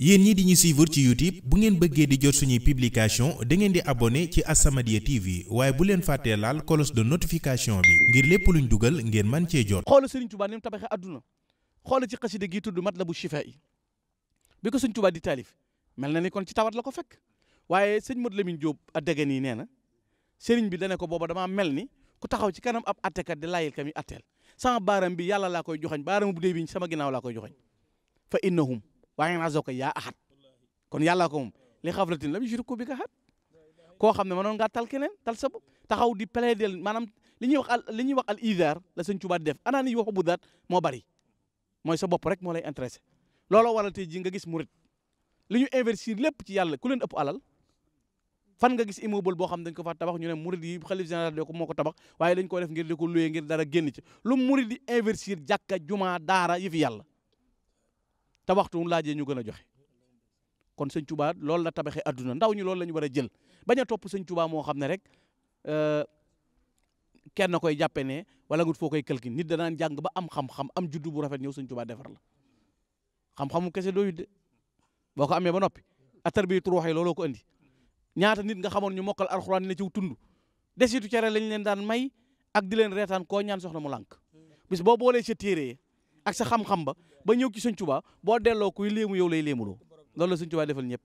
yéen ñi di ñu suivre ci YouTube bu ngeen bëggee di jot suñuy piblication da ngeen di abonné ci As-Samadiyya TV waaye bu leen fàttee laal cloche de notification bi ngir lépp luñ dugal ngeen man cee jot. xoolal Serigne Touba ni mu tabaxee àdduna xoolal ci xaside gi tudd Matlabu Chifa yi bi ko Serigne Touba di taalif mel na ni kon ci tawat la ko fekk waaye sëñ la Lamine Diop a dégg nii nee na sëriñ bi dane ko booba damaa mel ni ku taxaw ci kanam ab attekat di laayil kami atteel sama baaram bi yàlla laa koy joxañ baaramu bu dee sama ginnaaw laa koy joxañ fa innahum waaye naa zokk yaa axat kon yàlla ko moom li xaflatin lam yushriku bika axat koo xam ne noon ngaa tal keneen tal sa bopp taxaw di plaider maanaam li ñuy wax al li ñuy wax al idaar la sëñ Tuubaa def anaa ni waxu bu daat moo bari mooy sa bopp rek moo lay intéressé looloo waral te ji nga gis murit li ñu investir lépp ci yàlla ku leen ëpp alal fan nga gis immeuble boo xam dañ ko fa tabax ñu ne murid yi xalif général de ko moo ko ko def ngir di ko luye ngir dara génn ci lu murid di investir daara yi fi yàlla te waxtu wu laajee ñu gën a joxe kon sëñ Tuubaa loolu la tabaxee adduna ndaw ñi lool la ñu war a jël baña topp sëñ Tuubaa moo xam ne rek euh, kenn koy jàppe ne wala ngut foo koy këlkin nit danaan jàng ba am xam-xam am juddu bu rafet ñëw sëñ Tuubaa defar la xam-xamu kese dooyu de boo ko amee ba noppi atar bi turuuxee looloo ko andi ñaata nit nga xamoon ñu mokkal alxuraan ne ciw tund desitu cere lañ leen daan may ak di leen reetaan koo ñaan soxna mu lànk boo ak sa xam-xam ba ba ñëw ci sëñ Tuubaa boo delloo kuy léemu yow lay léemuloo loolu la sëñ Tuubaa defal ñëpp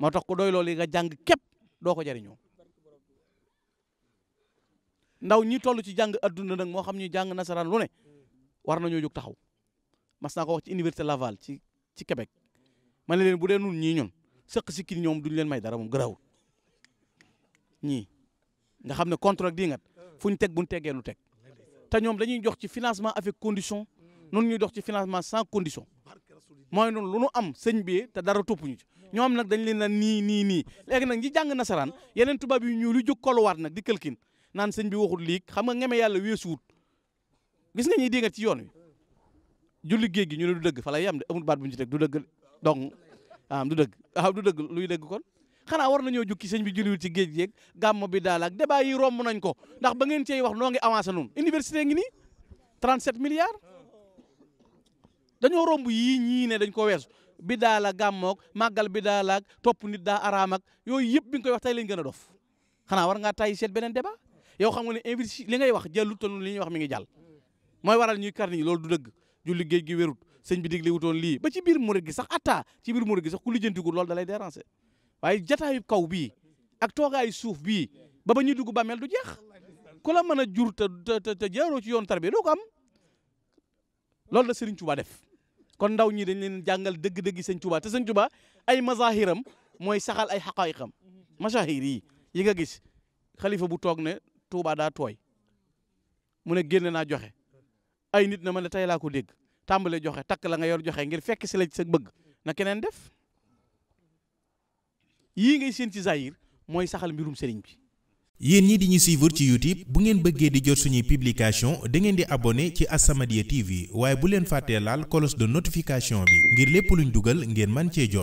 moo ko ku doy loolu yi nga jàng képp doo ko jariñoo ndaw ñi toll ci jàng adduna nag moo xam ñu jàng nasaraan lu ne war ñoo jóg taxaw mas naa ko wax ci université Laval ci ci Québec ma ne leen bu dee nun ñii ñun sëq si kii ñoom duñ leen may dara moom garaawul ñii nga xam ne contrat di ngat fu ñu teg buñ tegee nu teg te ñoom dañuy jox ci financement avec condition noonu ñuy dox ci financement sans condition mooy noonu lu nu am sëñ bi te dara topp ñu ci ñoom nag dañ leen na nii ni ni léegi nag ñi jàng nasaraan yeneen tubaab yu ñuul yu jóg koluwaat nag di këlkin naan sëñ bi waxul lii xam nga ñeme yàlla weesuwut gis ñi ñuy dingat ci yoon wi julli géej gi ñu ne du dëgg fa yam de amul baat bu ñu ci du dëgg donc ah du dëgg ah du dëgg luy dëgg kon xanaa war nañoo jukki sëñ bi julliwul ci géej géej gàmmo bi daal ak débat yi nañ ko ndax ba ngeen cey wax noo ngi avancé noonu université ngi nii 37 milliards dañoo romb yii ñii ne dañ ko weesu bi daa la gàmmoog màggal bi daa la topp nit daa araam ak yooyu yëpp bi nga koy wax tey lañ gën a dof xanaa war ngaa tay seet beneen ba yow xam nga ne investi li ngay wax jàllut te li ñuy wax mi ngi jàll mooy waral ñuy kar ni loolu du dëgg julli géej gi wérut sëñ bi digle wutoon lii ba ci biir murid gi sax atta ci biir murid gi sax ku lijjantiku lool da lay déranger waaye jataayu kaw bii ak toogaayu suuf bii ba ba ñuy dugg bàmmeel du jeex ku la mën a jur te te te ci yoon tarbi doo ko am loolu la Serigne Touba def kon ndaw ñi dañ leen jàngal dëgg-dëgg sëñ Tuubaa te sëñ Tuubaa ay mazahiram mooy saxal ay xaqaayiqam masahir yi yi nga gis xalifa bu toog ne Tuubaa daa tooy mu ne génn naa joxe ay nit na ma tey laa ko dégg tàmbale joxe takk la nga yor joxe ngir fekk si la sa bëgg na keneen def yii ngay seen ci zahir mooy saxal mbirum sëriñ bi yéen ñi di ñu suivre ci YouTube bu ngeen bëggee di jot suñuy publication da ngeen di abonné ci As-Samadiyya TV waaye bu leen fàttee laal cloche de notification bi ngir lépp luñ dugal ngeen man cee jot